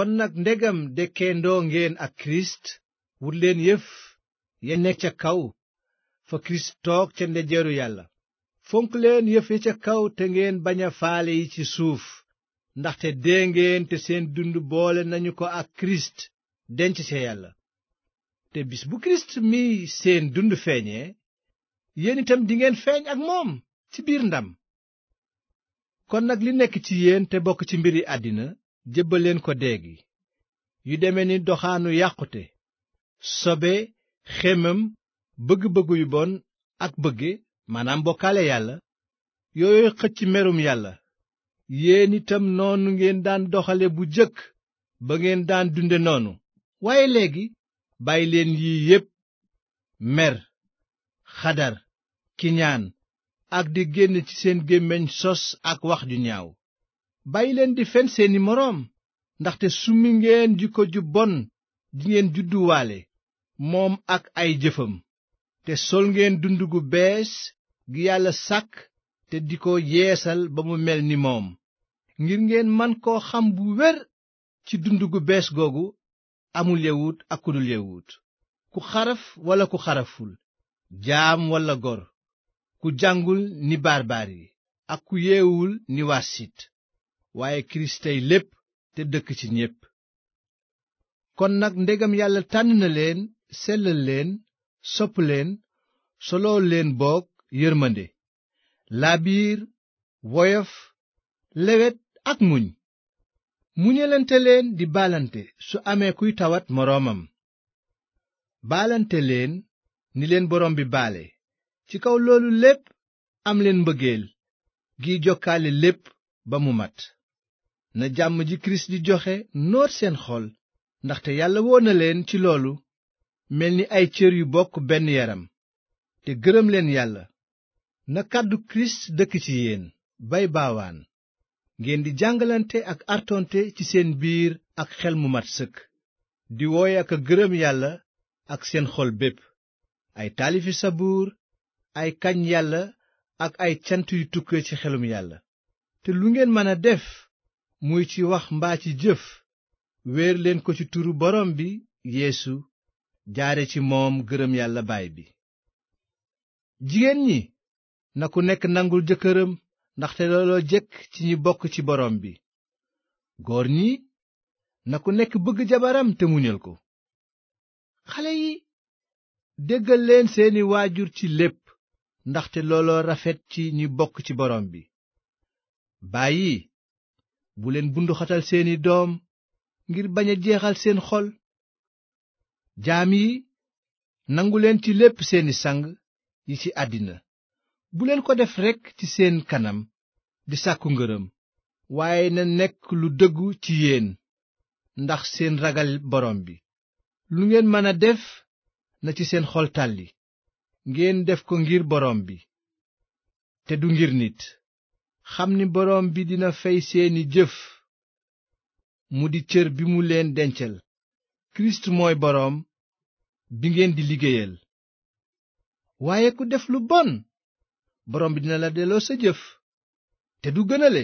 kon nag ndegam dekkeendoo ngeen ak kirist wut leen yëf ya nekk ca kaw fa kirist toog ca ndejeeru yàlla fonk leen yëf ya ca kaw te ngeen bañ a faale yi ci suuf ndaxte dee ngeen te seen dund boole nañu ko ak kirist denc ca yàlla te bis bu kirist mi seen dund feeñee yéen itam dingeen feeñ ak moom ci biir ndam kon nag li nekk ci yéen te bokk ci mbiri àddina jébbaleen ko dee yu deme ni doxaanu yàqute sobe xemam bëgg-bëgg yu bon ak bëgge maanaam bokkaale yàlla yooyu xëcc merum yàlla yéen itam noonu ngeen daan doxale bu jëkk ba ngeen daan dunde noonu waaye léegi bàyyi leen yii yépp mer xadar kiñaan ak di génn ci seen gémmiñ sos ak wax ju ñaaw bàyyileen di fen seeni moroom ndaxte summi ngeen jikko ju bon ji ngeen judduwaale moom ak ay jëfam te sol ngeen dund gu bees gi yàlla sàkk te di ko yeesal ba mu mel ni moom ngir ngeen man koo xam bu wér ci dund gu bees googu amul yawut ak ku dul yawut ku xaraf walla ku xaraful jaam walla gor ku jàngul ni barbaar yi ak ku yeewul ni waa waaye kiristey lépp te dëkk ci ñépp kon nag ndegam yàlla tànn na leen sellal leen sopp leen soloo leen boog yërmande laabiir woyof lewet ak muñ muñalante leen di baalante su amee kuy tawat moroomam baalante leen ni leen borom bi baale ci kaw loolu lépp am leen mbëggeel gi jokkaale lépp ba mu mat na jàmm ji kirist di joxe noot seen xol ndaxte yàlla woo na leen ci loolu mel ni ay cër yu bokk benn yaram te gërëm leen yàlla na kàddu kirist dëkk ci yéen bay baawaan ngeen di jàngalante ak artonte ci seen biir ak xel mu mat sëkk di wooye ak a gërëm yàlla ak seen xol bépp ay taalifi sabuur ay kañ yàlla ak ay cant yu tukk ci xelum yàlla te lu ngeen mën a def muy ci wax mbaa ci jëf wéer leen ko ci turu borom bi yeesu jaare ci moom gërëm yàlla baay bi jigéen ñi na ku nekk nangul jëkkëram ndaxte looloo jekk ci ñi bokk ci boroom bi góor ñi na ku nekk bëgg jabaram te muñal ko xale yi déggal leen seeni waajur ci lépp ndaxte looloo rafet ci ñi bokk ci boroom bi baay buleen leen bunduxatal seeni doom ngir bañ a jeexal seen xol jaam yi nangu leen ci lépp seeni sang yi ci àddina buleen ko def rekk ci seen kanam di sàkku ngërëm waaye na nekk lu dëggu ci yéen ndax seen ragal boroom bi lu ngeen mën a def na ci seen xol tàlli ngeen def ko ngir boroom bi te du ngir nit xam ni boroom bi dina fey seeni jëf mu di cër bi mu leen dencal kirist mooy boroom bi ngeen di liggéeyal waaye ku def lu bon boroom bi dina la delloo sa jëf te du gënale